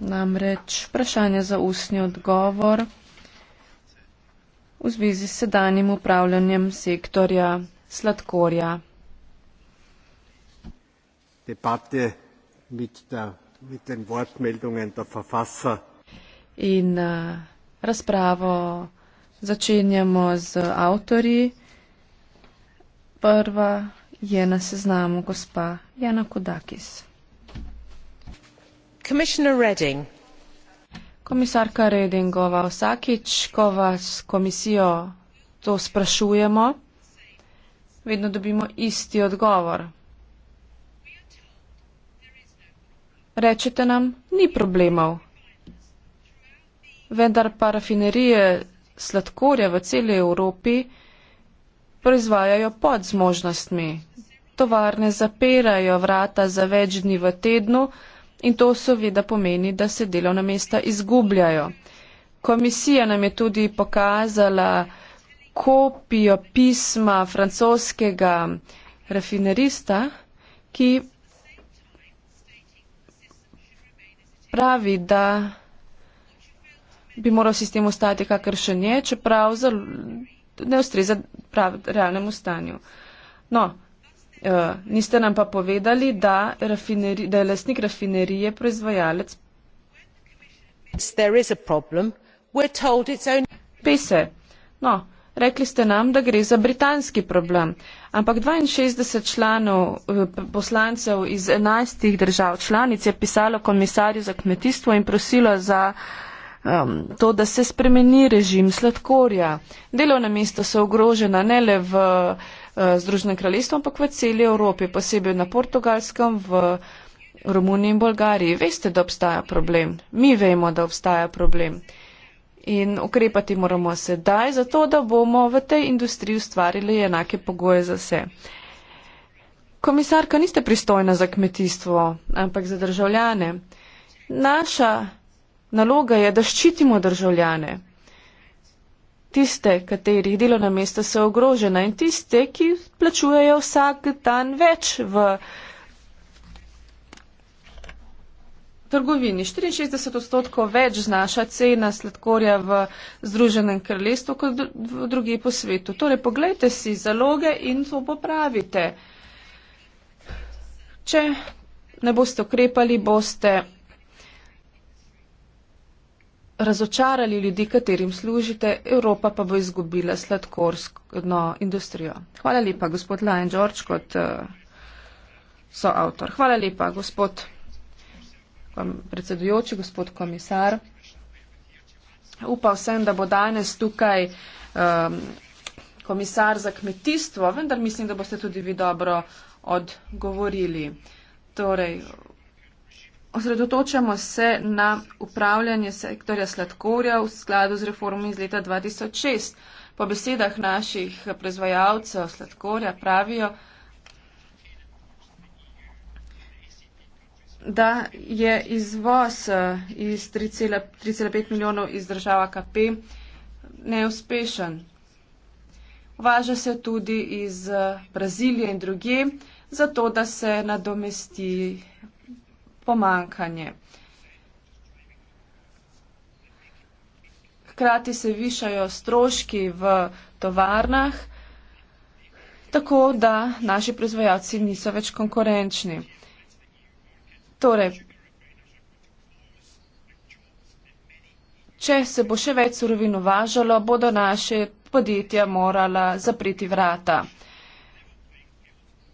Namreč vprašanje za ustni odgovor v zvezi s sedanjim upravljanjem sektorja sladkorja. Debate mit da, mit den Wortmeldungen der Verfasser. In uh, razpravo začenjamo z avtori. Prva je na seznamu gospa Jana Kodakis komisarka redingova vsakič ko vas komisijo to sprašujemo vedno dobimo isti odgovor rečete nam ni problemov vendar pa rafinerije sladkorja v celi Evropi proizvajajo pod zmožnostmi. Tovarne zapirajo vrata za več dni v tednu, in to seveda pomeni, da se delovna mesta izgubljajo. Komisija nam je tudi pokazala kopijo pisma francoskega rafinerista, ki pravi, da bi moral sistem ostati kakršen je, čeprav ne ustreza realnemu stanju. No, Eh, niste nam pa povedali, da, da je lastnik rafinerije proizvajalec. Pese. No, rekli ste nam, da gre za britanski problem. Ampak 62 članov eh, poslancev iz 11 držav članic je pisalo komisarju za kmetijstvo in prosilo za um, to, da se spremeni režim sladkorja. Delovna mesta so ogrožena ne le v. Uh, Eh, Združenem kraljestvu, ampak v celi Evropi, posebej na portugalskem, v Romuniji in Bolgariji. Veste, da obstaja problem. Mi vemo, da obstaja problem. In ukrepati moramo sedaj, zato da bomo v tej industriji ustvarili enake pogoje za vse. Komisarka, niste pristojna za kmetijstvo, ampak za državljane. Naša naloga je, da ščitimo državljane tiste, katerih delovna mesta so ogrožena in tiste, ki plačujejo vsak dan več v trgovini. 64 odstotkov več znaša cena sladkorja v Združenem kraljestvu kot v drugi po svetu. Torej, poglejte si zaloge in to popravite. Če ne boste ukrepali, boste razočarali ljudi, katerim služite, Evropa pa bo izgubila sladkorsko industrijo. Hvala lepa, gospod Lion George, kot uh, soavtor. Hvala lepa, gospod predsedujoči, gospod komisar. Upal sem, da bo danes tukaj um, komisar za kmetijstvo, vendar mislim, da boste tudi vi dobro odgovorili. Torej, Osredotočamo se na upravljanje sektorja sladkorja v skladu z reformami iz leta 2006. Po besedah naših proizvajalcev sladkorja pravijo, da je izvoz eh, iz 3,5 milijonov iz država KP neuspešen. Važa se tudi iz eh, Brazilije in druge, zato da se nadomesti pomankanje. Hkrati se višajo stroški v tovarnah, tako da naši proizvajalci niso več konkurenčni. Torej, če se bo še več surovin uvažalo, bodo naše podjetja morala zapriti vrata.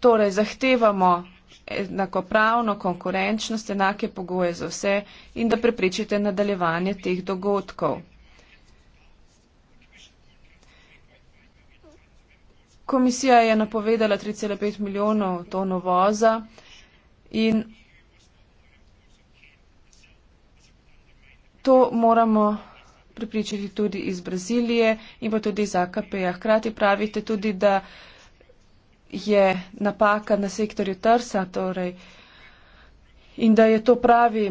Torej, zahtevamo enakopravno konkurenčnost, enake pogoje za vse in da preprečite nadaljevanje teh dogodkov. Komisija je napovedala 3,5 milijonov ton voza in to moramo pripričati tudi iz Brazilije in pa tudi iz AKP-ja. Hkrati pravite tudi, da je napaka na sektorju Trsa torej, in da je to pravi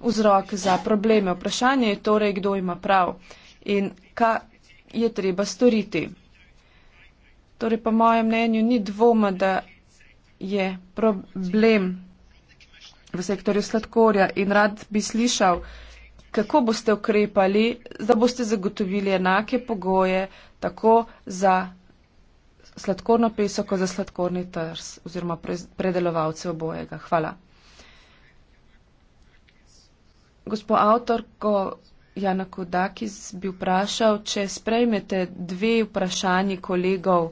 vzrok za probleme. Vprašanje je torej, kdo ima prav in kaj je treba storiti. Torej, po mojem mnenju ni dvoma, da je problem v sektorju sladkorja in rad bi slišal, kako boste ukrepali, da boste zagotovili enake pogoje tako za sladkorno peso, kot za sladkorni trs oziroma predelovalce obojega. Hvala. Gospod avtor, ko Jana Kodakis bi vprašal, če sprejmete dve vprašanji kolegov,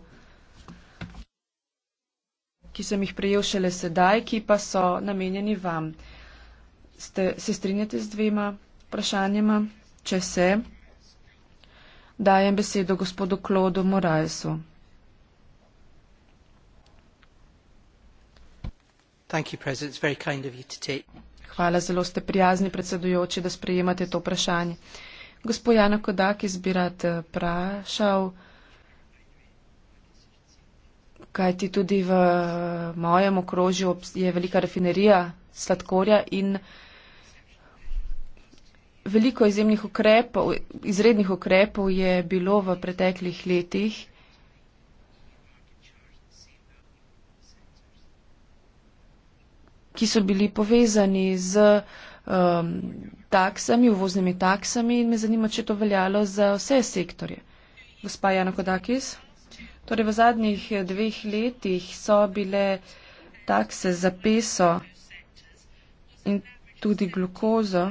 ki sem jih prejel šele sedaj, ki pa so namenjeni vam. Ste, se strinjate z dvema vprašanjima? Če se, dajem besedo gospodu Klodu Morajsu. Hvala, zelo ste prijazni predsedujoči, da sprejemate to vprašanje. Gospod Jana Kodak, izbirat eh, vprašal, kaj ti tudi v eh, mojem okrožju je velika rafinerija sladkorja in veliko izjemnih ukrepov, izrednih ukrepov je bilo v preteklih letih. ki so bili povezani z um, taksami, uvoznimi taksami in me zanima, če to veljalo za vse sektorje. Gospa Jana Kodakis, torej v zadnjih eh, dveh letih so bile takse za peso in tudi glukozo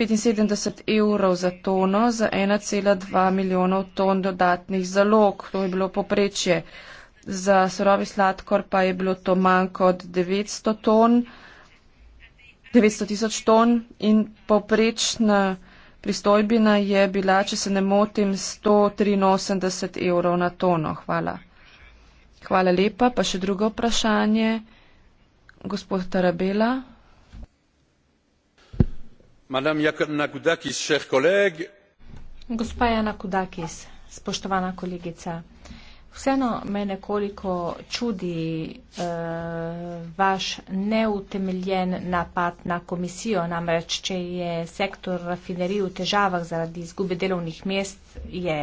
75 evrov za tono, za 1,2 milijonov ton dodatnih zalog. To je bilo poprečje. Uh, za surovi sladkor pa je bilo to manj kot 900 ton, 900 tisoč ton in povprečna pristojbina je bila, če se ne motim, 183 evrov na tono. Hvala. Hvala lepa. Pa še drugo vprašanje. Gospod Tarabela. Madame Jakrna Kudakis, šeh koleg. Gospa Jana Kudakis, spoštovana kolegica. Vseeno me nekoliko čudi eh, vaš neutemeljen napad na komisijo, namreč, če je sektor rafinerij v težavah zaradi izgube delovnih mest, je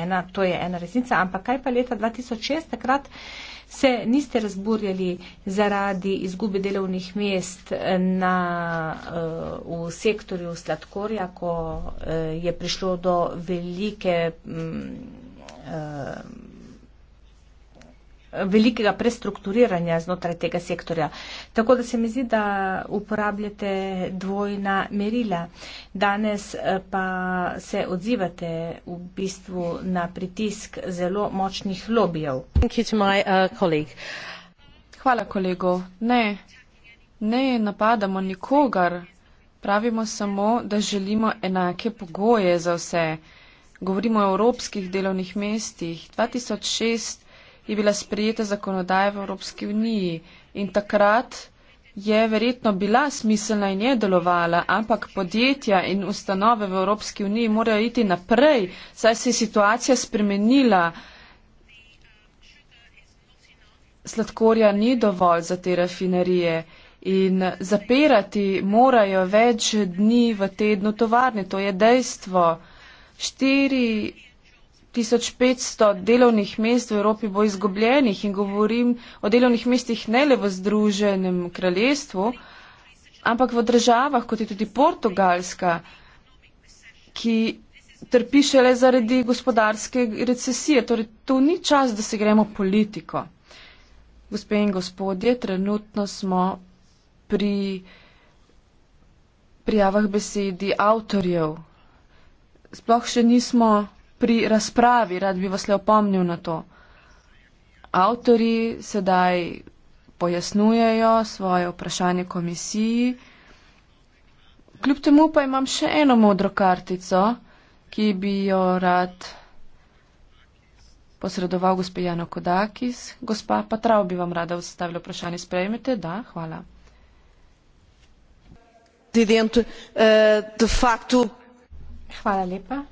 ena, to je ena resnica, ampak kaj pa leta 2006 takrat se niste razburjali zaradi izgube delovnih mest na, eh, v sektorju sladkorja, ko eh, je prišlo do velike. Hm, eh, velikega prestrukturiranja znotraj tega sektorja. Tako da se mi zdi, da uporabljate dvojna merila. Danes eh, pa se odzivate v bistvu na pritisk zelo močnih lobijev. Uh, Hvala kolego. Ne, ne napadamo nikogar. Pravimo samo, da želimo enake pogoje za vse. Govorimo o evropskih delovnih mestih. 2006 je bila sprejeta zakonodaja v Evropski uniji in takrat je verjetno bila smiselna in je delovala, ampak podjetja in ustanove v Evropski uniji morajo iti naprej, saj se je situacija spremenila. Sladkorja ni dovolj za te rafinerije in zapirati morajo več dni v tednu tovarne, to je dejstvo. 4 tisoč petsto delovnih mest v Evropi bo izgubljenih in govorim o delovnih mestih ne le v Združenem kraljestvu, ampak v državah, kot je tudi Portugalska, ki trpi šele zaradi gospodarske recesije. Torej, to ni čas, da se gremo politiko. Gospe in gospodje, trenutno smo pri prijavah besedi avtorjev. Sploh še nismo pri razpravi, rad bi vas le opomnil na to. Avtori sedaj pojasnujejo svoje vprašanje komisiji. Kljub temu pa imam še eno modro kartico, ki bi jo rad posredoval gospe Jano Kodakis. Gospa Patrao bi vam rada zastavila vprašanje. Sprejmete? Da, hvala. Eh, hvala lepa.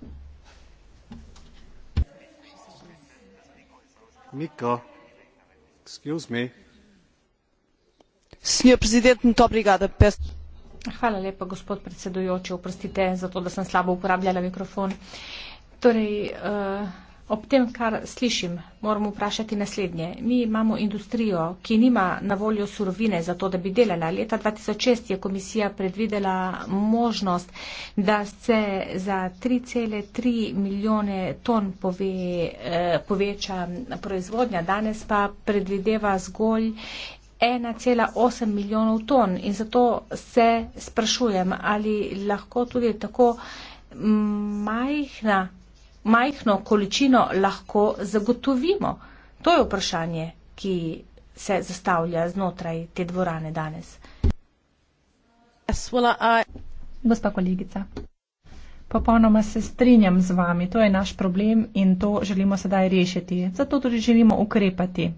gospod predsedujoči oprostite za to da sem slabo uporabljala mikrofon. torej ne eh, bom govorila o tem kako je bilo v bosni in hercegovini. Ob tem, kar slišim, moram vprašati naslednje. Mi imamo industrijo, ki nima na voljo surovine za to, da bi delala. Leta 2006 je komisija predvidela možnost, da se za 3,3 milijone ton pove, eh, poveča proizvodnja, danes pa predvideva zgolj 1,8 milijonov ton. In zato se sprašujem, ali lahko tudi tako majhna majhno količino lahko zagotovimo? To je vprašanje, ki se zastavlja znotraj te dvorane danes. Yes, well, I... Gospa kolegica. Popolnoma se strinjam z vami, to je naš problem in to želimo sedaj rešiti. Zato tudi želimo ukrepati.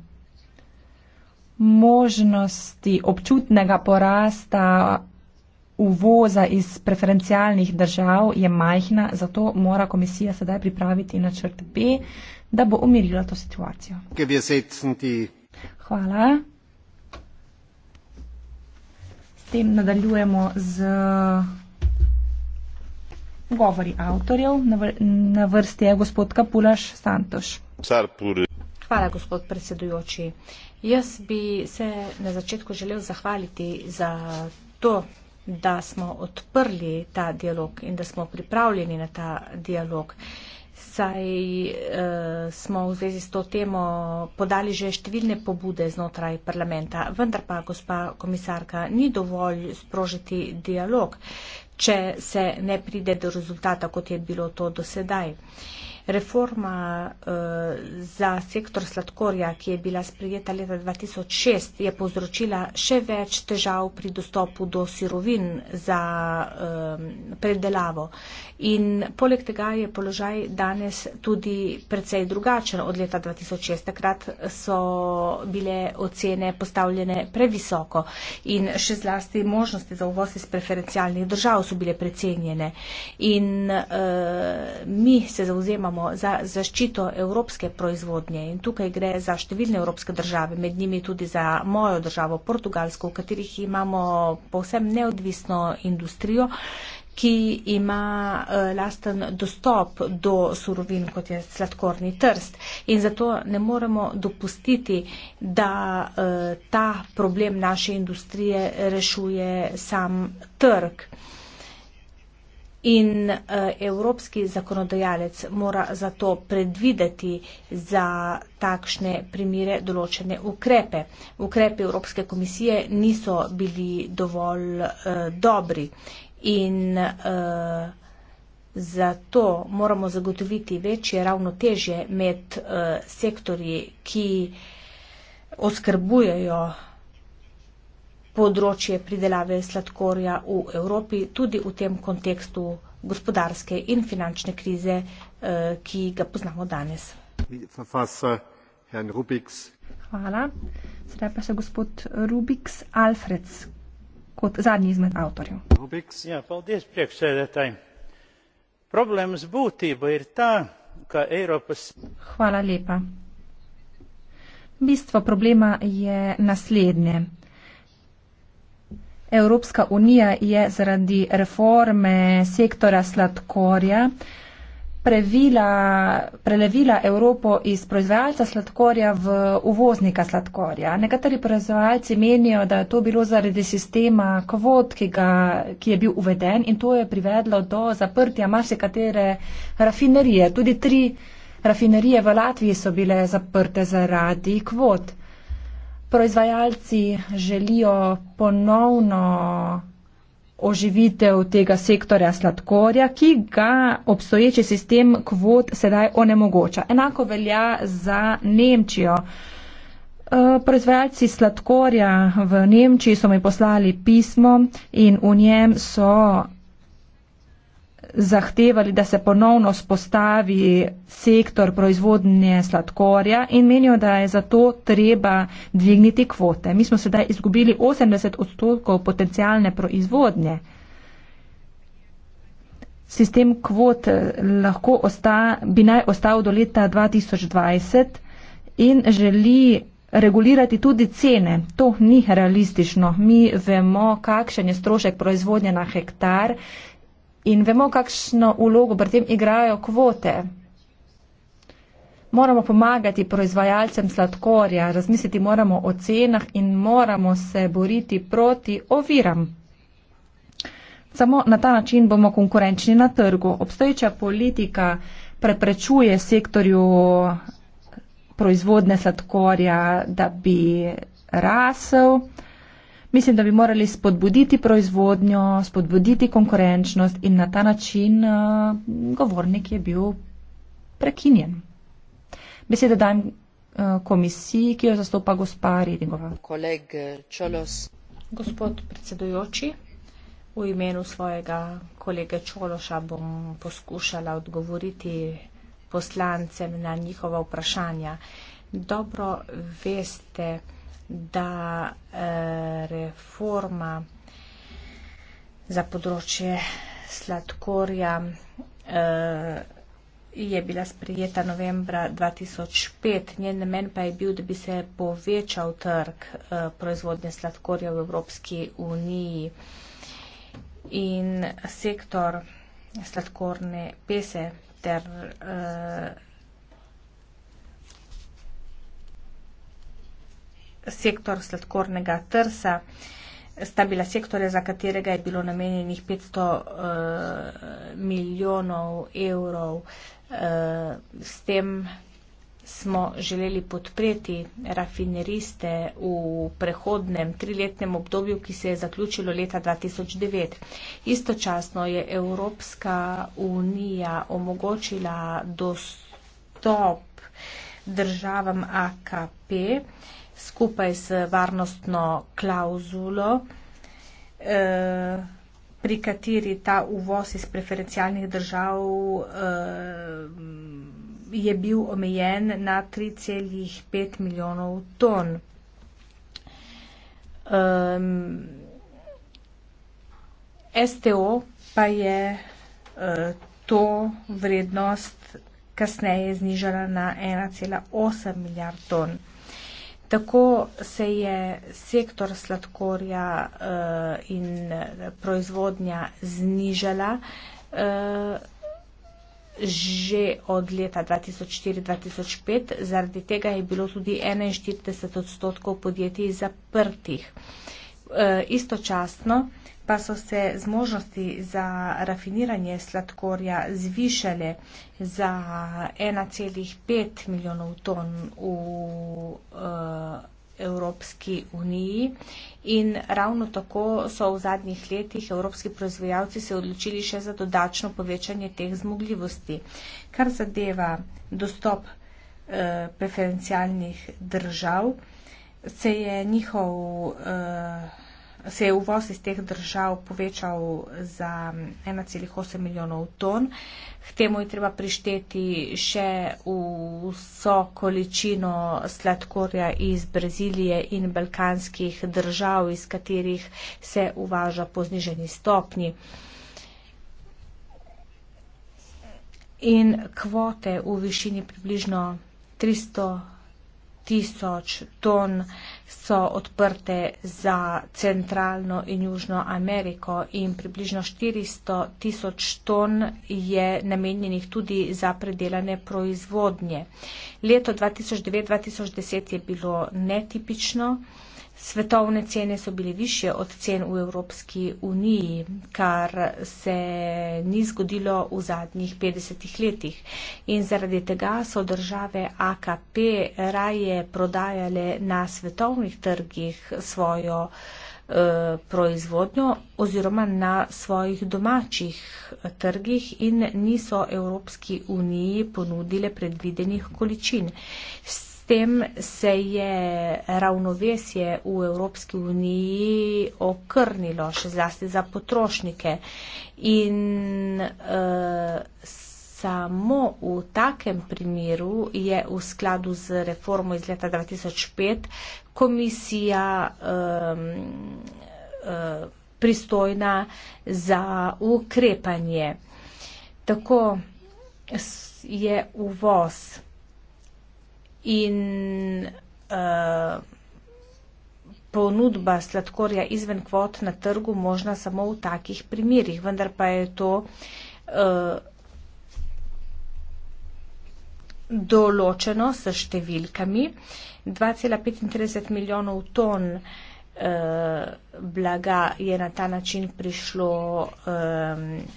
Možnosti občutnega porasta uvoza iz preferencialnih držav je majhna, zato mora komisija sedaj pripraviti načrt B, da bo umirila to situacijo. Hvala. S tem nadaljujemo z govori avtorjev. Na vrsti je gospod Kapulaš Santoš. Hvala, gospod predsedujoči. Jaz bi se na začetku želel zahvaliti za to da smo odprli ta dialog in da smo pripravljeni na ta dialog. Saj eh, smo v zvezi s to temo podali že številne pobude znotraj parlamenta, vendar pa, gospa komisarka, ni dovolj sprožiti dialog, če se ne pride do rezultata, kot je bilo to do sedaj. Eh, Reforma uh, za sektor sladkorja, ki je bila sprijeta leta 2006, je povzročila še več težav pri dostopu do sirovin za um, predelavo. In poleg tega je položaj danes tudi precej drugačen od leta 2006. Takrat so bile ocene postavljene previsoko in še zlasti možnosti za uvoz iz preferencialnih držav so bile precenjene. In uh, mi se zauzemamo imamo za zaščito evropske proizvodnje in tukaj gre za številne evropske države, med njimi tudi za mojo državo Portugalsko, v katerih imamo povsem neodvisno industrijo ki ima eh, lasten dostop do surovin, kot je sladkorni trst. In zato ne moremo dopustiti, da eh, ta problem naše industrije rešuje sam trg. In eh, evropski zakonodajalec mora zato predvideti za takšne primire določene ukrepe. Ukrepe Evropske komisije niso bili dovolj eh, dobri in eh, zato moramo zagotoviti večje ravnotežje med sektorji, ki oskrbujejo področje pridelave sladkorja v Evropi, tudi v tem kontekstu gospodarske in finančne krize, eh, ki ga poznamo danes. Hvala. Sedaj pa še gospod Rubiks Alfreds kot zadnji izmed avtorjev. Ja, paldies, predsedataj. Problem z būtībā ir tā, ka Eiropas. Hvala lepa. Bistvo problema je naslednje. Evropska unija je zaradi reforme sektora sladkorja previla, prelevila Evropo iz proizvajalca sladkorja v uvoznika sladkorja. Nekateri proizvajalci menijo, da je to bilo zaradi sistema kvot, ki, ga, ki je bil uveden in to je privedlo do zaprtja marsikatere rafinerije. Tudi tri rafinerije v Latviji so bile zaprte zaradi kvot proizvajalci želijo ponovno oživitev tega sektorja sladkorja, ki ga obstoječi sistem kvot sedaj onemogoča. Enako velja za Nemčijo. E, proizvajalci sladkorja v Nemčiji so mi poslali pismo in v njem so zahtevali, da se ponovno spostavi sektor proizvodnje sladkorja in menijo, da je zato treba dvigniti kvote. Mi smo sedaj izgubili 80 odstotkov potencijalne proizvodnje. Sistem kvot eh, lahko osta, bi naj ostal do leta 2020 in želi regulirati tudi cene. To ni realistično. Mi vemo, kakšen je strošek proizvodnje na hektar In vemo, kakšno ulogo pri tem igrajo kvote. Moramo pomagati proizvajalcem sladkorja, razmisliti moramo o cenah in moramo se boriti proti oviram. Samo na ta način bomo konkurenčni na trgu. Obstoječa politika preprečuje sektorju proizvodne sladkorja, da bi rasel. Mislim, da bi morali spodbuditi proizvodnjo, spodbuditi konkurenčnost in na ta način uh, govornik je bil prekinjen. Besedo dajem uh, komisiji, ki jo zastopa gospa Redingova. Koleg eh, Čolos. Gospod predsedujoči, v imenu svojega kolega Čološa bom poskušala odgovoriti poslancem na njihova vprašanja. Dobro veste, da eh, reforma za področje sladkorja eh, je bila sprijeta novembra 2005. Njen namen pa je bil, da bi se povečal trg eh, proizvodnje sladkorja v Evropski uniji in sektor sladkorne pese ter sektor sladkornega trsa, sta bila sektorja, za katerega je bilo namenjenih 500 uh, eh, milijonov evrov. Uh, s tem smo želeli podpreti rafineriste v prehodnem triletnem obdobju, ki se je zaključilo leta 2009. Istočasno je Evropska unija omogočila dostop državam AKP uh, skupaj s varnostno klauzulo, eh, pri kateri ta uvoz iz preferencialnih držav eh, je bil omejen na 3,5 milijonov ton. STO pa je eh, to vrednost kasneje znižala na 1,8 milijard ton. Tako se je sektor sladkorja uh, in eh, proizvodnja znižala uh, že od leta 2004-2005. Zaradi tega je bilo tudi 41 odstotkov podjetij zaprtih. Uh, istočasno pa so se zmožnosti za rafiniranje sladkorja zvišale za 1,5 milijonov ton v uh, Evropski uniji in ravno tako so v zadnjih letih evropski proizvajalci se odločili še za dodačno povečanje teh zmogljivosti, kar zadeva dostop uh, preferencialnih držav, se je njihov uh, se je uvoz iz teh držav povečal za 1,8 milijonov ton. K temu je treba prišteti še vso količino sladkorja iz Brazilije in balkanskih držav, iz katerih se uvaža po zniženi stopni. In kvote v višini približno 300 tisoč ton so odprte za Centralno in Južno Ameriko in približno 400 tisoč ton je namenjenih tudi za predelane proizvodnje. Leto 2009-2010 je bilo netipično. Svetovne cene so bile više od cen v Evropski uniji, kar se ni zgodilo v zadnjih 50 letih. In zaradi tega so države AKP raje prodajale na svetovnih trgih svojo e, proizvodnjo oziroma na svojih domačih eh, trgih in niso Evropski uniji ponudile predvidenih količin. S tem se je ravnovesje v Evropski uniji okrnilo, še zlasti za potrošnike. In e, samo v takem primeru je v skladu z reformo iz leta 2005 komisija e, e, pristojna za ukrepanje. Tako je uvoz in uh, ponudba sladkorja izven kvot na trgu možna samo v takih primerjih, vendar pa je to uh, določeno s številkami. 2,35 milijonov ton uh, eh, blaga je na ta način prišlo eh,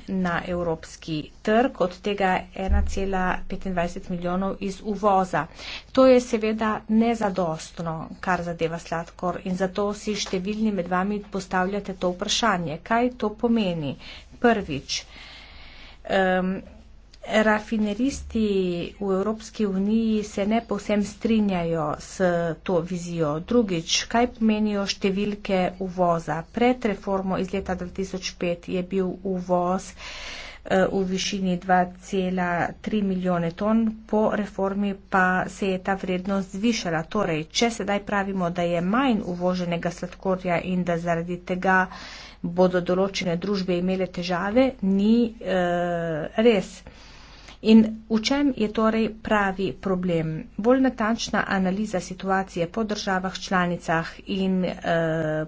na evropski trg, od tega 1,25 milijonov iz uvoza. To je seveda nezadostno, kar zadeva sladkor in zato si številni med vami postavljate to vprašanje. Kaj to pomeni? Prvič. Eh, Rafineristi v Evropski uniji se ne povsem strinjajo s to vizijo. Drugič, kaj pomenijo številke uvoza? Pred reformo iz leta 2005 je bil uvoz eh, v višini 2,3 milijone ton, po reformi pa se je ta vrednost zvišala. Torej, če sedaj pravimo, da je manj uvoženega sladkorja in da zaradi tega bodo določene družbe imele težave, ni eh, res. In v čem je torej pravi problem? Bolj natančna analiza situacije po državah članicah in eh,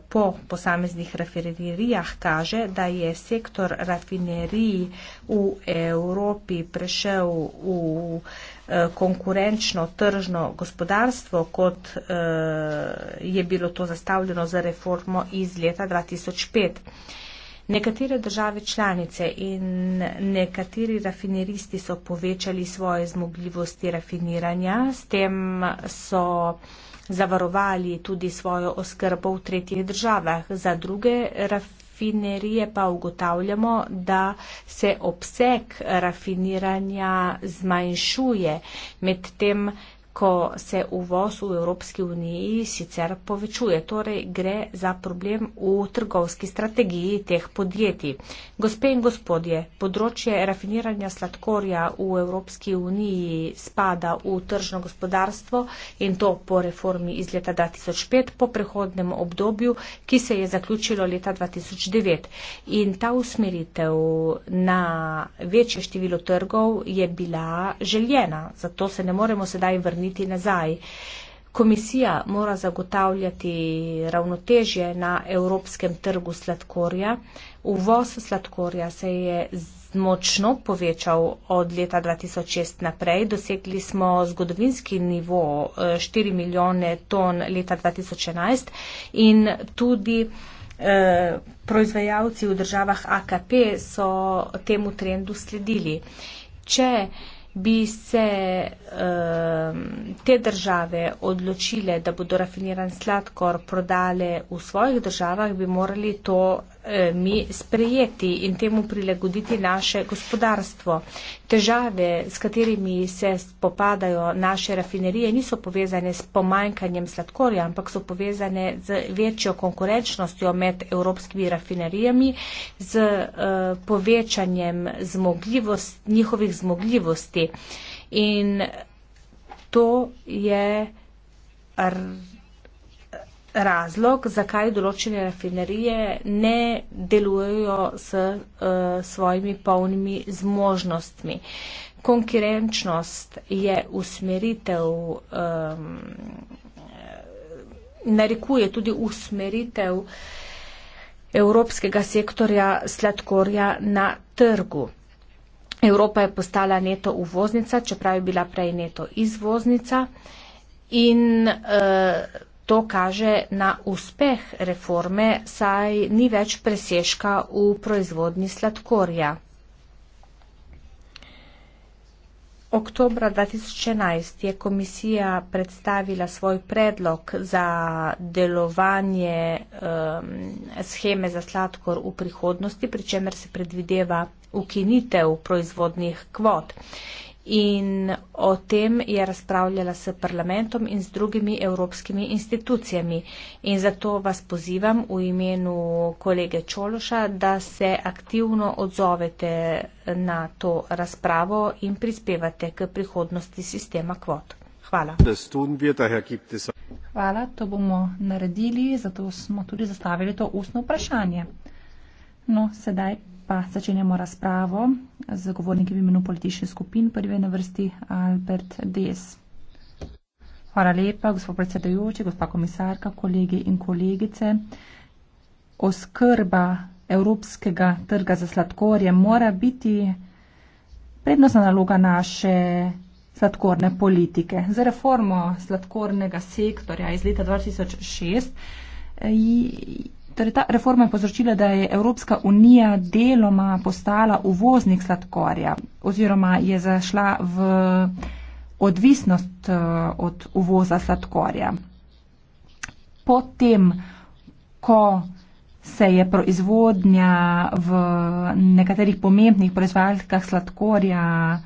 po posameznih rafinerijah kaže, da je sektor rafinerij v Evropi prešel v eh, konkurenčno tržno gospodarstvo, kot eh, je bilo to zastavljeno za reformo iz leta 2005. Nekatere države članice in nekateri rafineristi so povečali svoje zmogljivosti rafiniranja, s tem so zavarovali tudi svojo oskrbo v tretjih državah. Za druge rafinerije pa ugotavljamo, da se obseg rafiniranja zmanjšuje, medtem ko se uvoz v Evropski uniji sicer povečuje. Torej gre za problem v trgovski strategiji teh podjetij. Gospe in gospodje, področje rafiniranja sladkorja v Evropski uniji spada v tržno gospodarstvo in to po reformi iz leta 2005, po prehodnem obdobju, ki se je zaključilo leta 2009. In ta usmeritev na večje število trgov je bila željena, zato se ne moremo sedaj vrniti nazaj. Komisija mora zagotavljati ravnotežje na evropskem trgu sladkorja. Uvoz sladkorja se je močno povečal od leta 2006 naprej. Dosegli smo zgodovinski nivo 4 eh, milijone ton leta 2011 in tudi eh, proizvajalci v državah AKP so temu trendu sledili. Če bi se um, te države odločile, da bodo rafiniran sladkor prodale v svojih državah, bi morali to Eh, mi sprejeti in temu prilagoditi naše gospodarstvo. Težave, s katerimi se spopadajo naše rafinerije, niso povezane s pomanjkanjem sladkorja, ampak so povezane z večjo konkurenčnostjo med evropskimi rafinerijami, z uh, povečanjem zmogljivost, njihovih zmogljivosti. In to je. Ar, razlog, zakaj določene rafinerije ne delujejo s uh, svojimi polnimi zmožnostmi. Konkurenčnost je usmeritev, um, narekuje tudi usmeritev evropskega sektorja sladkorja na trgu. Evropa je postala neto uvoznica, čeprav je bila prej neto izvoznica. In, uh, To kaže na uspeh reforme, saj ni več preseška v proizvodni sladkorja. Oktobra 2011 je komisija predstavila svoj predlog za delovanje eh, scheme za sladkor v prihodnosti, pri čemer se predvideva ukinitev proizvodnih kvot in o tem je razpravljala s parlamentom in z drugimi evropskimi institucijami. In zato vas pozivam v imenu kolege Čološa, da se aktivno odzovete na to razpravo in prispevate k prihodnosti sistema kvot. Hvala. Hvala, to bomo naredili, zato smo tudi zastavili to ustno vprašanje. No, sedaj pa začenjamo razpravo z govorniki v imenu političnih skupin. Prvi je na vrsti Albert Des. Hvala lepa, gospod predsedajoči, gospa komisarka, kolegi in kolegice. Oskrba evropskega trga za sladkorje mora biti prednostna naloga naše sladkorne politike. Za reformo sladkornega sektorja iz leta 2006 Torej, ta reforma je povzročila, da je Evropska unija deloma postala uvoznik sladkorja oziroma je zašla v odvisnost eh, od uvoza sladkorja. Potem, ko se je proizvodnja v nekaterih pomembnih proizvajalkah sladkorja eh,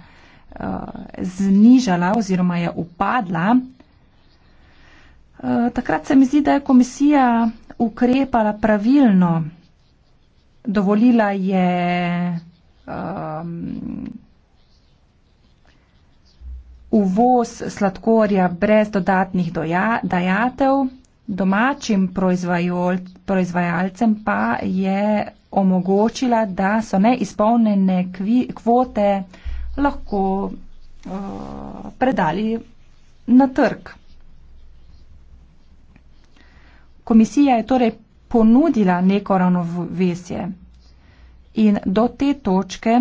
znižala oziroma je upadla, eh, takrat se mi zdi, da je komisija ukrepala pravilno, dovolila je um, uvoz sladkorja brez dodatnih doja, dajatev, domačim proizvajol, proizvajalcem pa je omogočila, da so neizpolnjene kvote lahko uh, predali na trg. Komisija je torej ponudila neko ravnovesje in do te točke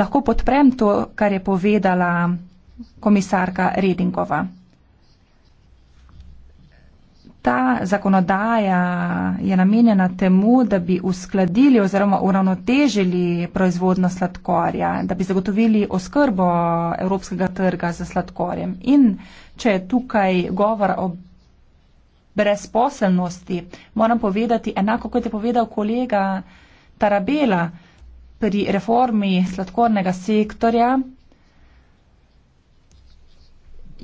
lahko podprem to, kar je povedala komisarka Redingova. Ta zakonodaja je namenjena temu, da bi uskladili oziroma uravnotežili proizvodno sladkorja, da bi zagotovili oskrbo evropskega trga za sladkorjem. In če je tukaj govor o brezposelnosti. Moram povedati, enako kot je povedal kolega Tarabela pri reformi sladkornega sektorja,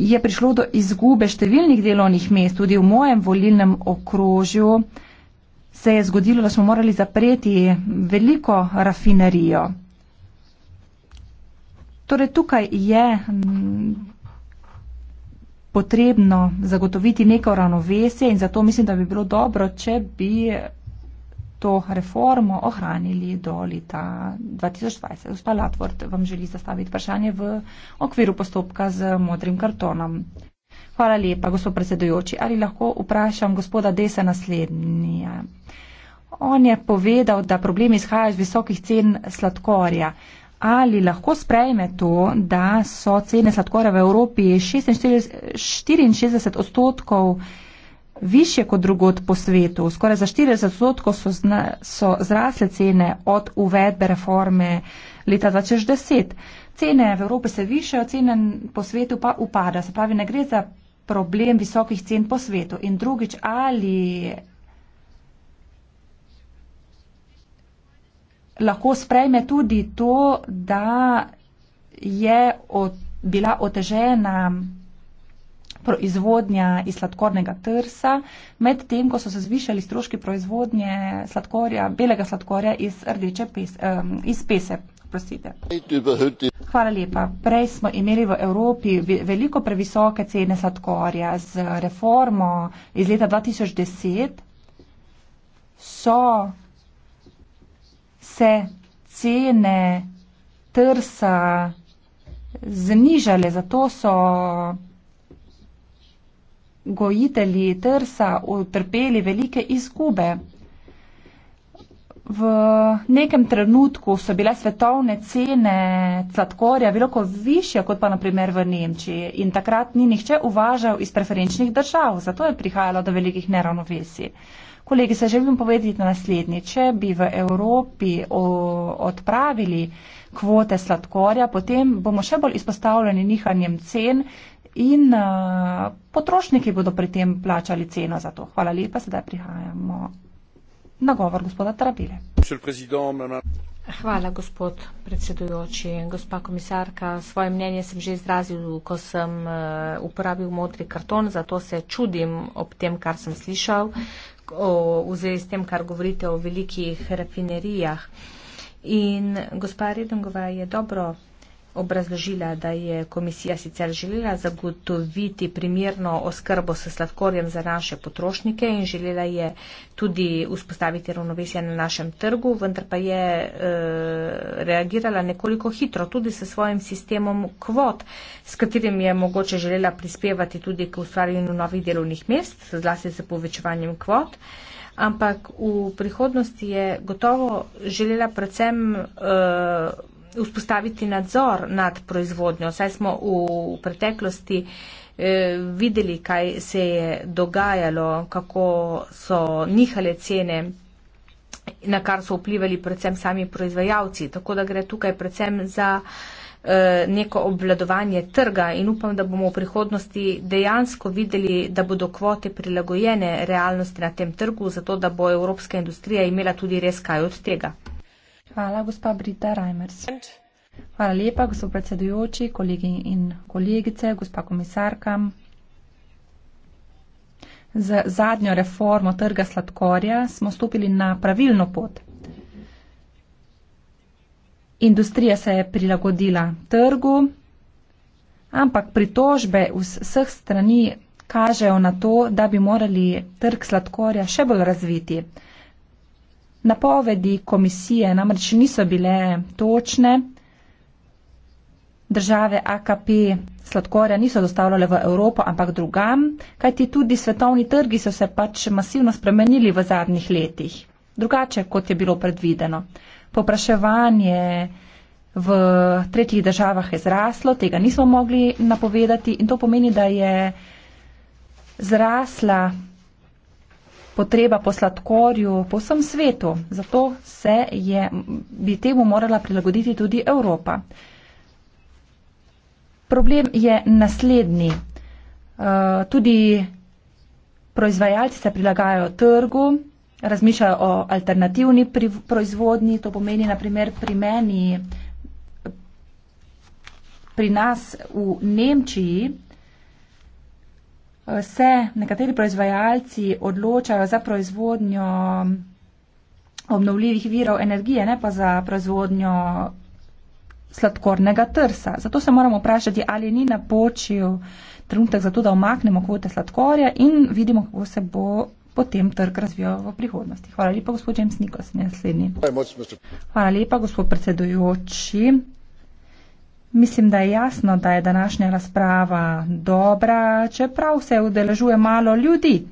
je prišlo do izgube številnih delovnih mest. Tudi v mojem volilnem okrožju se je zgodilo, da smo morali zapreti veliko rafinerijo. Torej, tukaj je potrebno zagotoviti neko ravnovesje in zato mislim, da bi bilo dobro, če bi to reformo ohranili do leta 2020. Gospod Latvort vam želi zastaviti vprašanje v okviru postopka z modrim kartonom. Hvala lepa, gospod predsedujoči. Ali lahko vprašam gospoda Desa naslednje? On je povedal, da problemi izhajajo iz visokih cen sladkorja ali lahko sprejme to, da so cene sladkora v Evropi 64 odstotkov više kot drugod po svetu. Skoraj za 40 odstotkov so, so zrasle cene od uvedbe reforme leta 2010. Cene v Evropi se višajo, cene po svetu pa upada. Se pravi, ne gre za problem visokih cen po svetu. In drugič, ali lahko sprejme tudi to, da je od, bila otežena proizvodnja iz sladkornega trsa, medtem ko so se zvišali stroški proizvodnje sladkorja, belega sladkorja iz, rdeče pes, eh, iz pese. Prosite. Hvala lepa. Prej smo imeli v Evropi veliko previsoke cene sladkorja. Z reformo iz leta 2010 so se cene trsa znižale, zato so gojitelji trsa utrpeli velike izgube. V nekem trenutku so bile svetovne cene sladkorja veliko više kot pa naprimer v Nemčiji in takrat ni nihče uvažal iz preferenčnih držav, zato je prihajalo do velikih neravnovesij. Kolegi, se želim povedati na naslednje. Če bi v Evropi o, odpravili kvote sladkorja, potem bomo še bolj izpostavljeni nihanjem cen in uh, potrošniki bodo pri tem plačali ceno za to. Hvala lepa, sedaj prihajamo na govor gospoda Trabile. Hvala, gospod predsedujoči. Gospa komisarka, svoje mnenje sem že izrazil, ko sem e, uporabil modri karton, zato se čudim ob tem, kar sem slišal o, v zvezi s tem, kar govorite o velikih rafinerijah. In gospa Redengova je dobro obrazložila, da je komisija sicer želela zagotoviti primerno oskrbo s sladkorjem za naše potrošnike in želela je tudi vzpostaviti ravnovesje na našem trgu, vendar pa je e, reagirala nekoliko hitro tudi s svojim sistemom kvot, s katerim je mogoče želela prispevati tudi k ustvarjanju novih delovnih mest, zlasti z povečevanjem kvot. Ampak v prihodnosti je gotovo želela predvsem e, vzpostaviti nadzor nad proizvodnjo. Saj smo v preteklosti eh, videli, kaj se je dogajalo, kako so nihale cene, na kar so vplivali predvsem sami proizvajalci. Tako da gre tukaj predvsem za eh, neko obvladovanje trga in upam, da bomo v prihodnosti dejansko videli, da bodo kvote prilagojene realnosti na tem trgu, zato da bo evropska industrija imela tudi res kaj od tega. Hvala, gospa Brita Reimers. Hvala lepa, gospod predsedujoči, kolegi in kolegice, gospa komisarka. Z zadnjo reformo trga sladkorja smo stopili na pravilno pot. Industrija se je prilagodila trgu, ampak pritožbe vseh strani kažejo na to, da bi morali trg sladkorja še bolj razviti. Napovedi komisije namreč niso bile točne. Države AKP sladkorja niso dostavljale v Evropo, ampak drugam, kajti tudi svetovni trgi so se pač masivno spremenili v zadnjih letih. Drugače, kot je bilo predvideno. Popraševanje v tretjih državah je zraslo, tega nismo mogli napovedati in to pomeni, da je zrasla potreba po sladkorju po vsem svetu. Zato se je, bi temu morala prilagoditi tudi Evropa. Problem je naslednji. Eh, tudi proizvajalci se prilagajajo trgu, razmišljajo o alternativni proizvodni, to pomeni naprimer pri meni, pri nas v Nemčiji, se nekateri proizvajalci odločajo za proizvodnjo obnovljivih virov energije, ne pa za proizvodnjo sladkornega trsa. Zato se moramo vprašati, ali ni napočil trenutek za to, da omaknemo kvote sladkorja in vidimo, kako se bo potem trg razvijal v prihodnosti. Hvala lepa, gospod James Nikos, naslednji. Hvala lepa, gospod predsedujoči. Mislim, da je jasno, da je današnja razprava dobra, čeprav se udeležuje malo ljudi.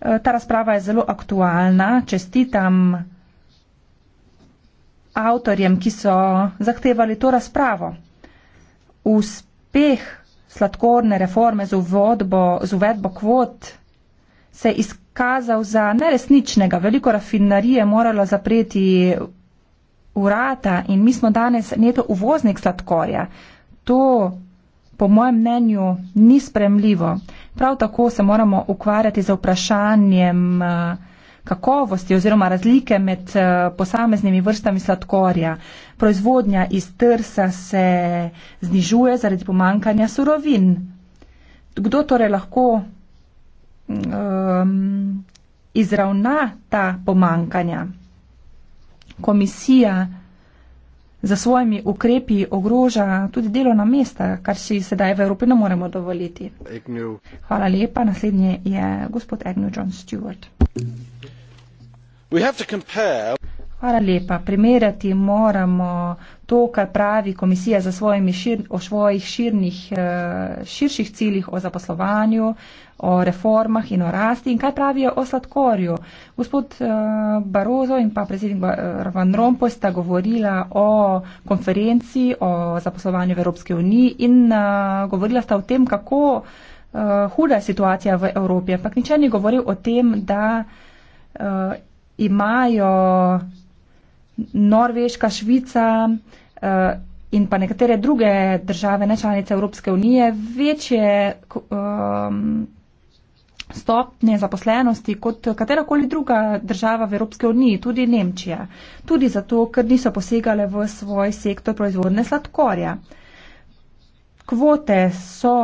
E, ta razprava je zelo aktualna. Čestitam avtorjem, ki so zahtevali to razpravo. Uspeh sladkorne reforme z, uvodbo, z uvedbo kvot se je izkazal za neresničnega. Veliko rafinarije je moralo zapreti urata in mi smo danes neto uvoznik sladkorja. To, po mojem mnenju, ni spremljivo. Prav tako se moramo ukvarjati z vprašanjem eh, kakovosti oziroma razlike med eh, posameznimi vrstami sladkorja. Proizvodnja iz trsa se znižuje zaradi pomankanja surovin. Kdo torej lahko um, izravna ta pomankanja? komisija za svojimi ukrepi ogroža tudi delovna mesta, kar si sedaj v Evropi ne moremo dovoliti. Hvala lepa. Naslednji je gospod Agnew John Stewart. Hvala lepa. Primerjati moramo to, kar pravi komisija za svojimi šir, o svojih širnih, eh, širših ciljih o zaposlovanju, o reformah in o rasti in kaj pravijo o sladkorju. Gospod eh, Barozo in pa predsednik eh, Van Rompuy sta govorila o konferenci o zaposlovanju v Evropski uniji in eh, govorila sta o tem, kako huda je situacija v Evropi. Ampak niče ni govoril o tem, da imajo Norveška, Švica. In pa nekatere druge države, nečlanice Evropske unije, večje um, stopnje zaposlenosti kot katerakoli druga država v Evropske unije, tudi Nemčija. Tudi zato, ker niso posegale v svoj sektor proizvodne sladkorja. Kvote so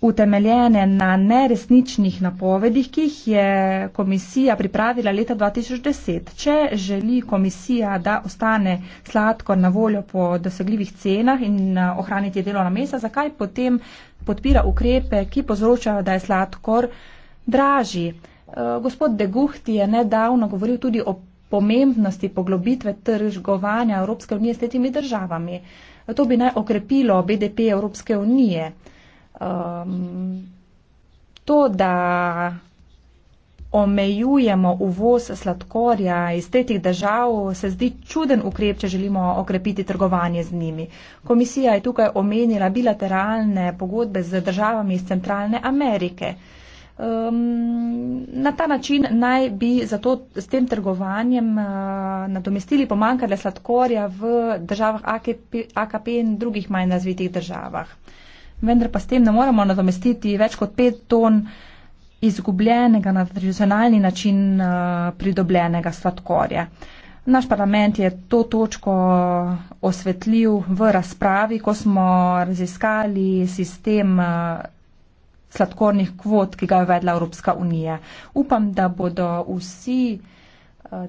utemeljene na neresničnih napovedih, ki jih je komisija pripravila leta 2010. Če želi komisija, da ostane sladkor na voljo po dosegljivih cenah in eh, ohraniti delovna mesta, zakaj potem podpira ukrepe, ki povzročajo, da je sladkor dražji. Eh, gospod Degufti je nedavno govoril tudi o pomembnosti poglobitve tržgovanja Evropske unije s tretjimi državami. Eh, to bi naj okrepilo BDP Evropske unije. Um, to, da omejujemo uvoz sladkorja iz tretjih držav, se zdi čuden ukrep, če želimo okrepiti trgovanje z njimi. Komisija je tukaj omenila bilateralne pogodbe z državami iz Centralne Amerike. Um, na ta način naj bi zato s tem trgovanjem uh, nadomestili pomankanje sladkorja v državah AKP, AKP in drugih manj razvitih državah. Vendar pa s tem ne moremo nadomestiti več kot pet ton uh, izgubljenega na tradicionalni način eh, pridobljenega sladkorja. Naš parlament je to točko osvetljiv v razpravi, ko smo raziskali sistem eh, sladkornih kvot, ki ga je uvedla Evropska unija. Upam, da bodo vsi, eh,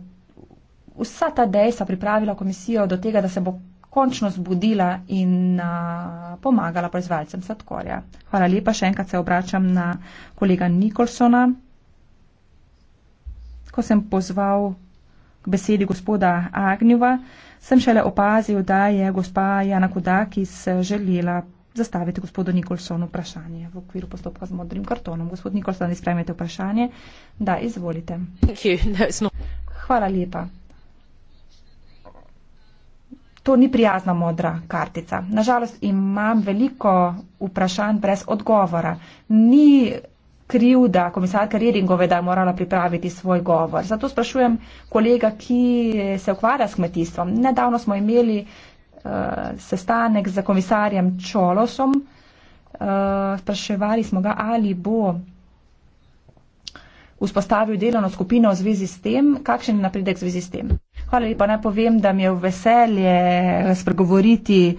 vsa ta dejstva pripravila komisijo do tega, da se bo končno zbudila in a, pomagala proizvajalcem sladkorja. Hvala lepa, še enkrat se obračam na kolega Nikolsona. Ko sem pozval k besedi gospoda Agnjova, sem šele opazil, da je gospa Jana Kudakis e, želela zastaviti gospodu Nikolsonu vprašanje v okviru postopka z modrim kartonom. Gospod Nikolson, izpremete vprašanje? Da, izvolite. No, Hvala lepa. To ni prijazna modra kartica. Nažalost imam veliko vprašanj brez odgovora. Ni krivda komisarka Reringove, da je morala pripraviti svoj govor. Zato sprašujem kolega, ki se ukvarja s kmetijstvom. Nedavno smo imeli uh, sestanek z komisarjem Čolosom. Uh, spraševali smo ga, ali bo vzpostavil delovno skupino v zvezi s tem, kakšen je napredek v zvezi s tem. Hvala lepa, naj povem, da mi je v veselje spregovoriti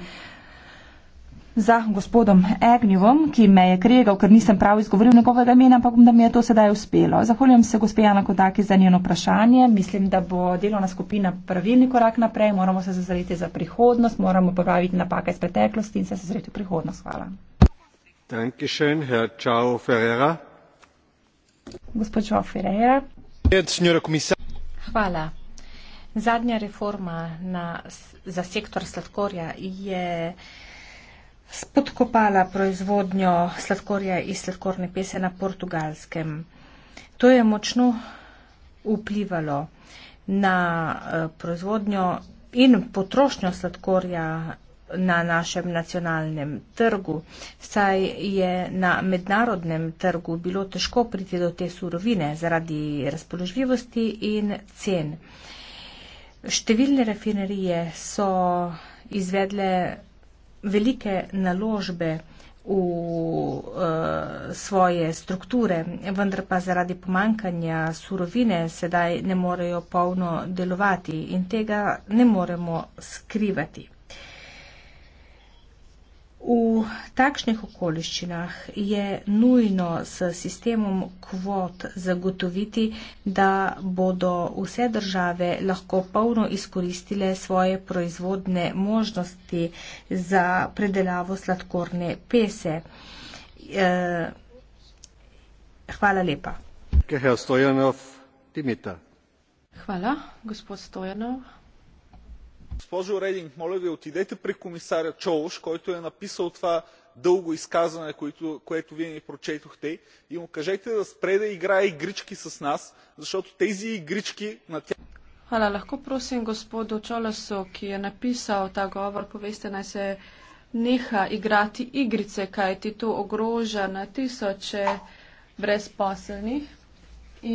za gospodom Egnjovom, ki me je kregal, ker nisem prav izgovoril njegovega imena, ampak da mi je to sedaj uspelo. Zahvaljujem se gospe Jana Kodaki za njeno vprašanje. Mislim, da bo delovna skupina pravilni korak naprej. Moramo se zazreti za prihodnost, moramo popraviti napake iz preteklosti in se zazreti v prihodnost. Hvala. Dankeschön, Herr Ciao Ferreira. Gospod Ciao Ferreira. Hvala. Zadnja reforma na, za sektor sladkorja je spodkopala proizvodnjo sladkorja iz sladkorne pese na portugalskem. To je močno vplivalo na e, proizvodnjo in potrošnjo sladkorja na našem nacionalnem trgu, saj je na mednarodnem trgu bilo težko priti do te surovine zaradi razpoložljivosti in cen. Uh, Številne rafinerije so izvedle velike naložbe v uh, svoje strukture, vendar pa zaradi pomankanja surovine sedaj ne morejo polno delovati in tega ne moremo skrivati. V takšnih okoliščinah je nujno s sistemom kvot zagotoviti, da bodo vse države lahko polno izkoristile svoje proizvodne možnosti za predelavo sladkorne pese. E, hvala lepa. Hvala, gospod Stojanov госпожо рединг моля ви отидете при комисаря ciolo който е написал това дълго изказване което вие ни прочетохте и му кажете да спре да играе игрички с нас защото тези игрички на тя... Hvala, lahko prosim gospodu Čolesu, ki je napisal ta govor, poveste naj se neha igrati igrice, kaj ti to ogroža na tisoče brezposelnih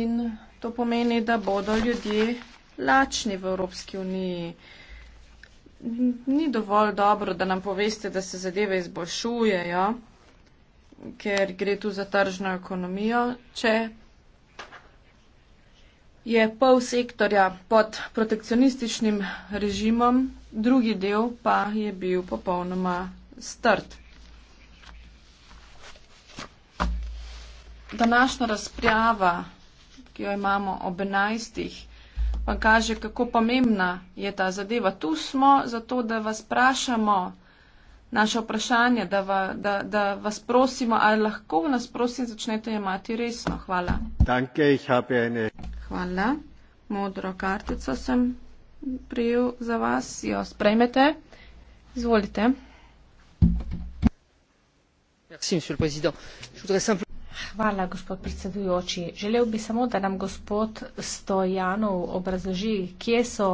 in to pomeni, da bodo ljudje lačni v Evropski uniji. Uh, ni dovolj dobro, da nam poveste, da se zadeve izboljšujejo, ker gre tu za tržno ekonomijo, če je pol sektorja pod protekcionističnim režimom, drugi del pa je bil popolnoma strt. Današnja razprava, ki jo imamo ob enajstih, pa kaže, kako pomembna je ta zadeva. Tu smo zato, da vas vprašamo naše vprašanje, da, va, da, da vas prosimo, ali lahko nas prosim začnete jemati resno. Hvala. Danke, Hvala. Modro kartico sem prijel za vas, jo sprejmete. Izvolite. Merci, Hvala, gospod predsedujoči. Želel bi samo, da nam gospod Stojanov obrazloži, kje so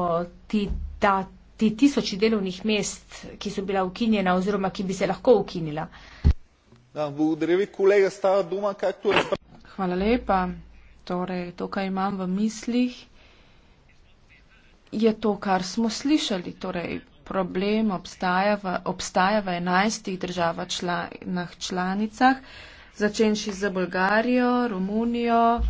ti, ta, ti tisoči delovnih mest, ki so bila ukinjena oziroma ki bi se lahko ukinila. Da, kolega, doma, Hvala lepa. Torej, to, kar imam v mislih, je to, kar smo slišali. Torej, problem obstaja v, obstaja v enajstih državah članah članicah začenši z Bolgarijo, Romunijo,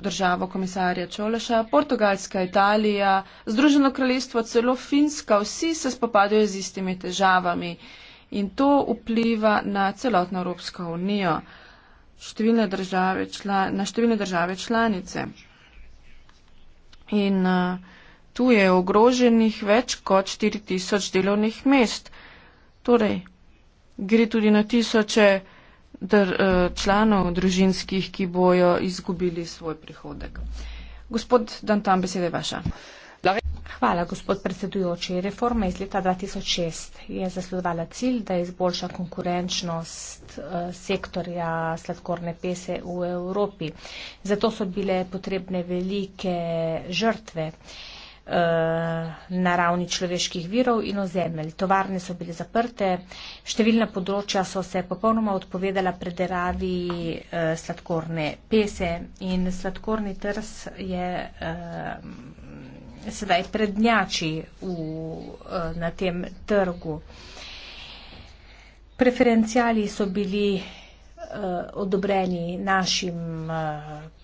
državo komisarja Čoleša, Portugalska, Italija, Združeno kraljestvo, celo Finska, vsi se spopadajo z istimi težavami in to vpliva na celotno Evropsko unijo, številne države, na številne države članice. In uh, tu je ogroženih več kot 4000 delovnih mest. Torej, gre tudi na tisoče dr, eh, članov družinskih, ki bojo izgubili svoj prihodek. Gospod Dantan, beseda je vaša. Hvala, gospod predsedujoči. Reforma iz leta 2006 je zasledovala cilj, da izboljša konkurenčnost eh, sektorja sladkorne pese v Evropi. Zato so bile potrebne velike žrtve. Eh, na ravni človeških virov in ozemelj. Tovarne so bile zaprte, številna področja so se popolnoma odpovedala predelavi eh, sladkorne pese in sladkorni trs je eh, sedaj prednjači v, na tem trgu. Preferencijali so bili odobreni našim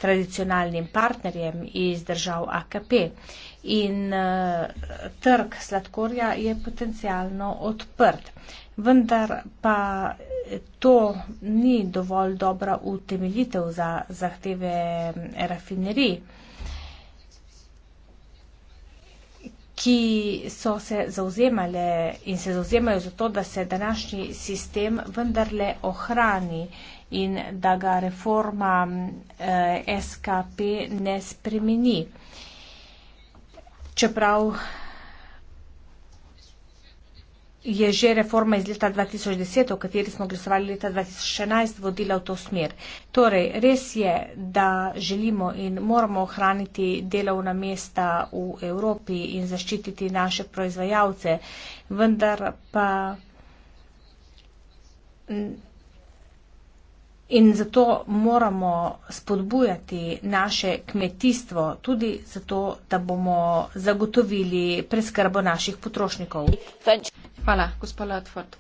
tradicionalnim partnerjem iz držav AKP in uh, trg sladkorja je potencialno odprt. Vendar pa to ni dovolj dobra utemeljitev za zahteve eh, rafinerij, ki so se zauzemale in se zauzemajo za to, da se današnji sistem vendarle ohrani in da ga reforma eh, SKP ne spremeni čeprav je že reforma iz leta 2010, o kateri smo glasovali leta 2011, vodila v to smer. Torej, res je, da želimo in moramo ohraniti delovna mesta v Evropi in zaščititi naše proizvajalce, vendar pa. In zato moramo spodbujati naše kmetijstvo tudi zato, da bomo zagotovili preskrbo naših potrošnikov. Hvala, gospod Latford.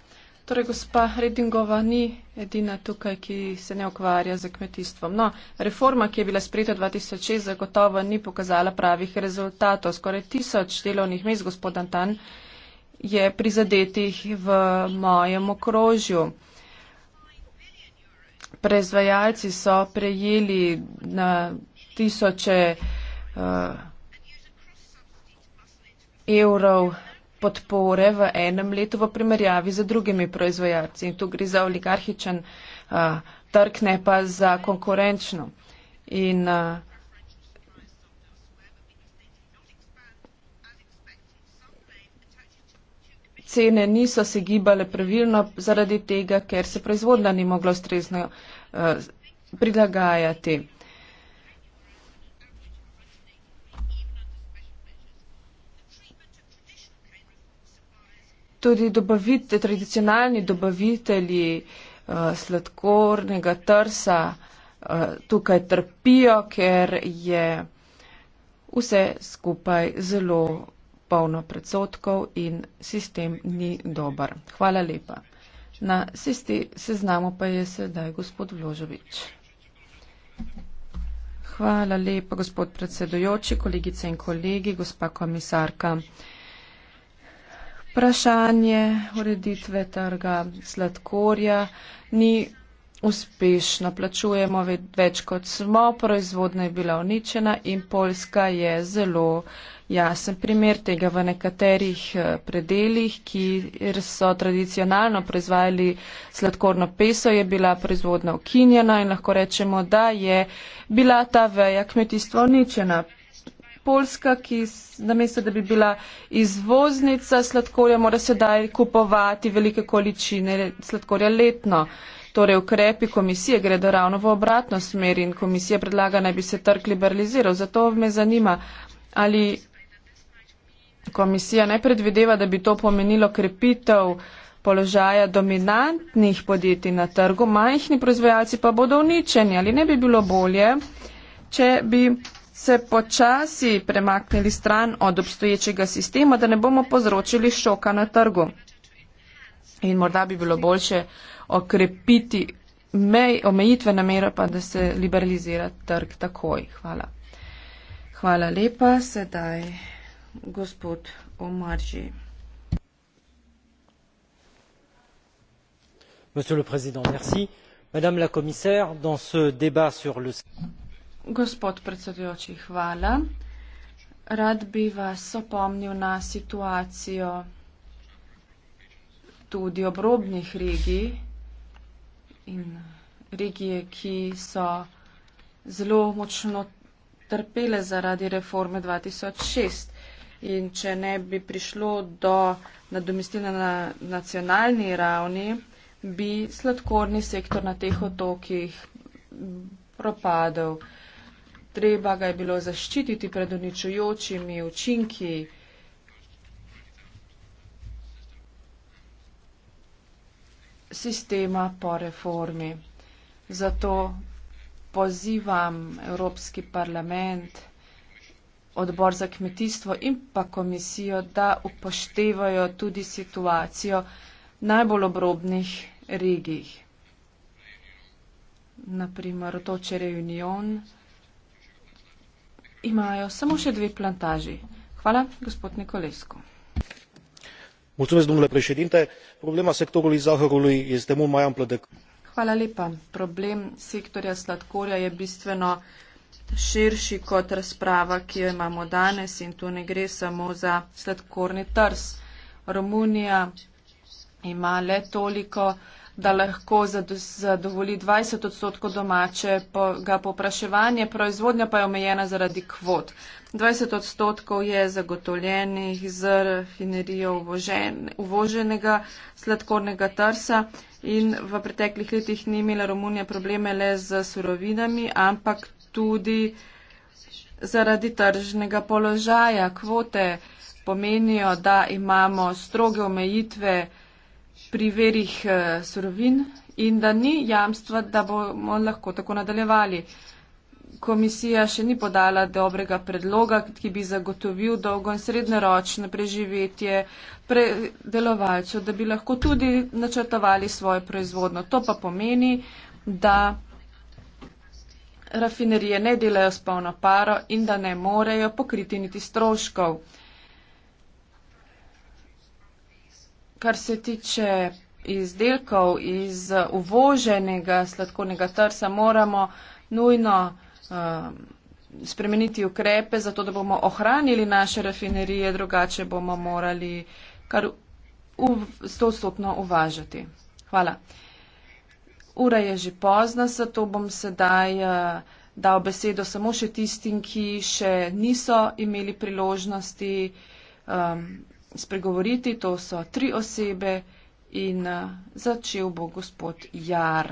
Torej, gospa Redingova ni edina tukaj, ki se ne ukvarja z kmetijstvom. No, reforma, ki je bila sprejeta 2006, zagotovo ni pokazala pravih rezultatov. Skoraj tisoč delovnih mest, gospod Antan, je prizadetih v mojem okrožju. Proizvajalci so prejeli na tisoče uh, evrov podpore v enem letu v primerjavi z drugimi proizvajalci. In tu gre za oligarhičen uh, trg, ne pa za konkurenčno. In, uh, cene niso se gibale pravilno zaradi tega, ker se proizvodnja ni mogla ustrezno uh, prilagajati. Tudi dobavite, tradicionalni dobavitelji uh, sladkornega trsa uh, tukaj trpijo, ker je vse skupaj zelo polno predsotkov in sistem ni dober. Hvala lepa. Na sisti seznamu pa je sedaj gospod Vložovič. Hvala lepa, gospod predsedujoči, kolegice in kolegi, gospa komisarka. Vprašanje ureditve trga sladkorja ni uspešno. Plačujemo več kot smo, proizvodna je bila uničena in Poljska je zelo uh, jasen primer tega v nekaterih eh, predeljih, kjer so tradicionalno proizvajali sladkorno peso, je bila proizvodna ukinjena in lahko rečemo, da je bila ta veja kmetijstva uničena. Poljska, ki namesto, da bi bila izvoznica sladkorja, mora sedaj kupovati velike količine sladkorja letno. Torej, ukrepi komisije gredo ravno v obratno smer in komisija predlaga, da bi se trg liberaliziral. Zato me zanima, ali Komisija ne predvideva, da bi to pomenilo krepitev položaja dominantnih podjetij na trgu, majhni proizvajalci pa bodo uničeni. Ali ne bi bilo bolje, če bi se počasi premaknili stran od obstoječega sistema, da ne bomo povzročili šoka na trgu? In morda bi bilo boljše okrepiti mej, omejitve na mero, pa da se liberalizira trg takoj. Hvala. Hvala lepa. Sedaj gospod Omarži. Monsieur le Président, merci. Madame la Commissaire, dans ce débat sur le... Gospod predsedujoči, hvala. Rad bi vas opomnil na situacijo tudi obrobnih regij in regije, ki so zelo močno trpele zaradi reforme 2006. In če ne bi prišlo do nadomestila na nacionalni ravni, bi sladkorni sektor na teh otokih propadel. Treba ga je bilo zaščititi pred uničujočimi učinki. sistema po reformi. Zato pozivam Evropski parlament, odbor za kmetijstvo in pa komisijo, da upoštevajo tudi situacijo najbolj obrobnih regij. Naprimer, otoče Reunion imajo samo še dve plantaži. Hvala, gospod Nikolesko. Mulțumesc, domnule președinte. Problema sectorului zahărului este mult mai amplă decât. Hvala lepa. Problem sectorului sladcoria este bistveno širši kot razprava, ki jo imamo danes in tu ne gre samo za sladkorni trs. Romunija ima le toliko, da lahko zadovoli 20 odstotkov domače, po, ga popraševanje, proizvodnja pa je omejena zaradi kvot. 20 odstotkov je zagotovljenih z rafinerijo uvoženega sladkornega trsa in v preteklih letih ni imela Romunija probleme le z surovinami, ampak tudi zaradi tržnega položaja. Kvote pomenijo, da imamo stroge omejitve pri verih eh, surovin in da ni jamstva, da bomo lahko tako nadaljevali. Komisija še ni podala dobrega predloga, ki bi zagotovil dolgo in srednjeročno preživetje predelovalcev, da bi lahko tudi načrtovali svojo proizvodno. To pa pomeni, da rafinerije ne delajo s polno paro in da ne morejo pokriti niti stroškov. Kar se tiče izdelkov iz uvoženega sladkornega trsa, moramo nujno um, spremeniti ukrepe, zato da bomo ohranili naše rafinerije, drugače bomo morali kar stotstotno uvažati. Hvala. Ura je že pozna, zato bom sedaj eh, dal besedo samo še tistim, ki še niso imeli priložnosti um, spregovoriti. To so tri osebe in uh, začel bo gospod Jar.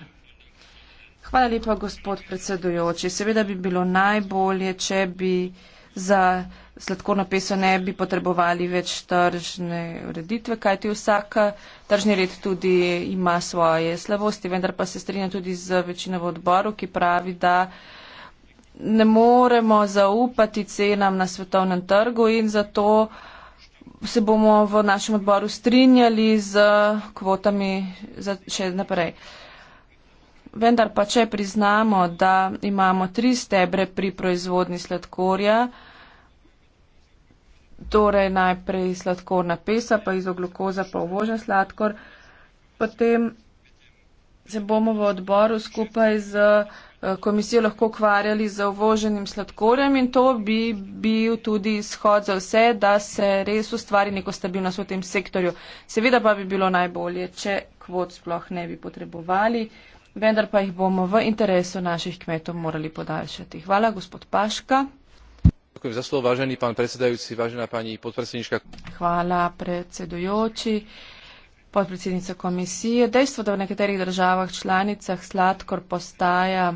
Hvala lepa, gospod predsedujoči. Seveda bi bilo najbolje, če bi za sladkorno peso ne bi potrebovali več tržne ureditve, kajti vsak eh, tržni red tudi ima svoje slavosti, vendar pa se strinja tudi z večino v odboru, ki pravi, da ne moremo zaupati cenam na svetovnem trgu in zato se bomo v našem odboru strinjali z kvotami za še naprej. Vendar pa, če priznamo, da imamo tri stebre pri proizvodni sladkorja, Torej najprej sladkorna pesa, pa izoglukoza, pa uvožen sladkor. Potem se bomo v odboru skupaj z eh, komisijo lahko ukvarjali z uvoženim sladkorjem in to bi bil tudi izhod za vse, da se res ustvari neko stabilnost v tem sektorju. Seveda pa bi bilo najbolje, če kvot sploh ne bi potrebovali, vendar pa jih bomo v interesu naših kmetov morali podaljšati. Hvala, gospod Paška. Hvala predsedujoči, podpredsednica komisije. Dejstvo, da v nekaterih državah članicah sladkor postaja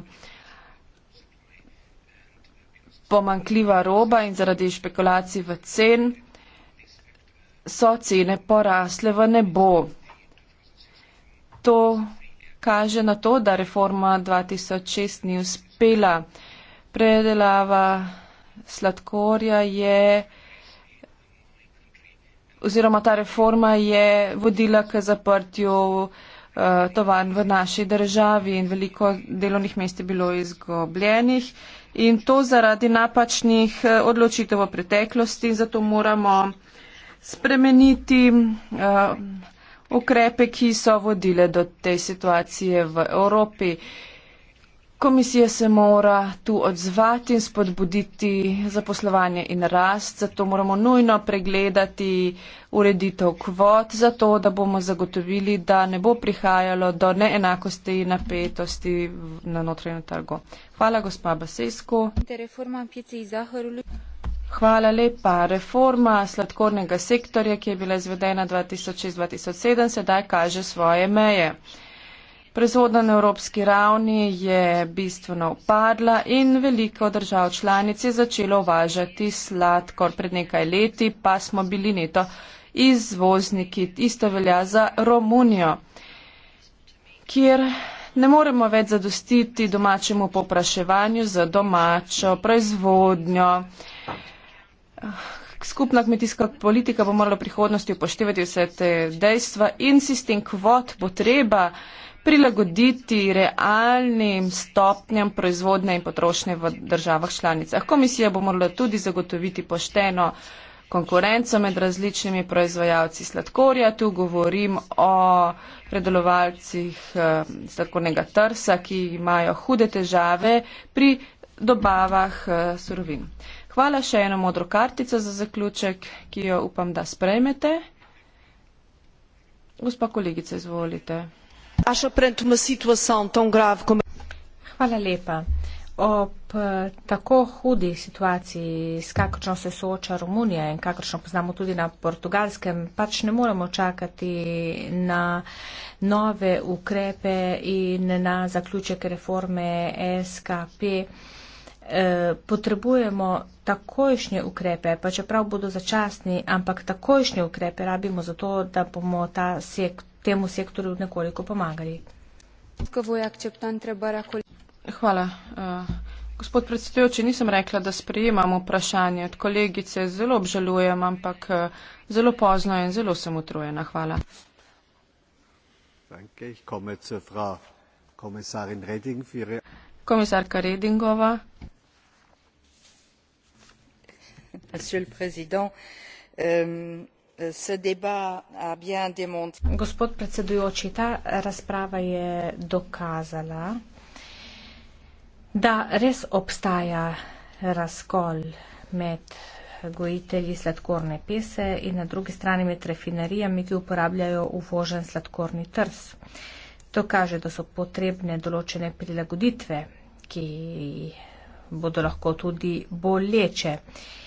pomankljiva roba in zaradi špekulacij v cen so cene porasle v nebo. To kaže na to, da reforma 2006 ni uspela. Predelava sladkorja je oziroma ta reforma je vodila k zaprtju eh, tovarn v naši državi in veliko delovnih mest je bilo izgubljenih in to zaradi napačnih eh, odločitev v preteklosti in zato moramo spremeniti uh, ukrepe, ki so vodile do te situacije v Evropi. Uh, Komisija se mora tu odzvati in spodbuditi zaposlovanje in rast, zato moramo nujno pregledati ureditev kvot, zato da bomo zagotovili, da ne bo prihajalo do neenakosti in napetosti na notranjem trgu. Hvala, gospa Basesko. Hvala lepa. Reforma sladkornega sektorja, ki je bila izvedena 2006-2007, sedaj kaže svoje meje. Prezvodna na evropski ravni je bistveno upadla in veliko držav članic je začelo uvažati sladkor. Pred nekaj leti pa smo bili neto izvozniki. Isto velja za Romunijo, kjer ne moremo več zadostiti domačemu popraševanju za domačo proizvodnjo. Skupna kmetijska politika bo morala v prihodnosti upoštevati vse te dejstva in sistem kvot bo treba prilagoditi realnim stopnjam proizvodnje in potrošnje v državah članicah. Komisija bo morala tudi zagotoviti pošteno konkurenco med različnimi proizvajalci sladkorja. Tu govorim o predelovalcih eh, sladkornega trsa, ki imajo hude težave pri dobavah eh, surovin. Hvala še eno modro kartico za zaključek, ki jo upam, da sprejmete. Gospa kolegica, izvolite znaša pred uma situação tão grave como. Hvala lepa. Ob eh, tako hudi situaciji, s kakršno se sooča Romunija in kakršno poznamo tudi na portugalskem, pač ne moremo čakati na nove ukrepe in na zaključek reforme SKP. Eh, potrebujemo takojšnje ukrepe, pa čeprav bodo začasni, ampak takojšnje ukrepe rabimo zato, da bomo ta sektor temu sektoru nekoliko pomagali. Hvala. Eh, gospod predsedujoči, nisem rekla, da sprejemam vprašanje od kolegice, zelo obžalujem, ampak eh, zelo pozno je in zelo sem utrujena. Hvala. Komisarka Redingova. Monsieur le Président, euh, Eh, Gospod predsedujoči, ta razprava je dokazala, da res obstaja razkol med gojitelji sladkorne pese in na drugi strani med refinerijami, ki uporabljajo uvožen sladkorni trs. To kaže, da so potrebne določene prilagoditve, ki bodo lahko tudi boleče. Uh,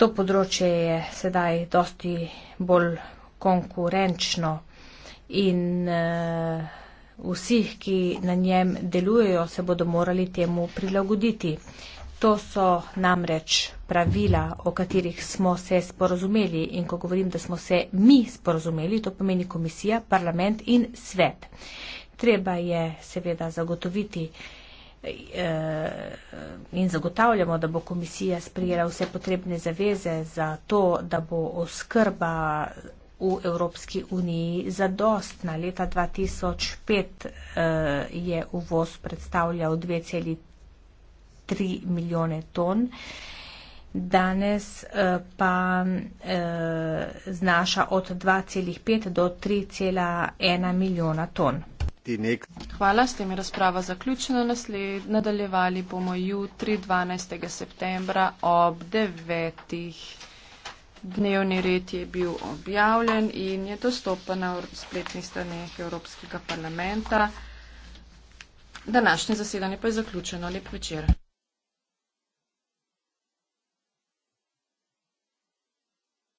To področje je sedaj dosti bolj konkurenčno in uh, vsi, ki na njem delujejo, se bodo morali temu prilagoditi. To so namreč pravila, o katerih smo se sporozumeli in ko govorim, da smo se mi sporozumeli, to pomeni komisija, parlament in svet. Treba je seveda zagotoviti, Eh, in zagotavljamo, da bo komisija sprejela vse potrebne zaveze za to, da bo oskrba v Evropski uniji zadostna. Leta 2005 eh, je uvoz predstavljal 2,3 milijone ton. Danes eh, pa eh, znaša od 2,5 do 3,1 milijona ton biti nek. Hvala, s tem je razprava zaključena. Nasled, nadaljevali bomo jutri 12. septembra ob 9. Dnevni red je bil objavljen in je dostopen na spletnih straneh Evropskega parlamenta. Današnje zasedanje pa je zaključeno. Lep večer.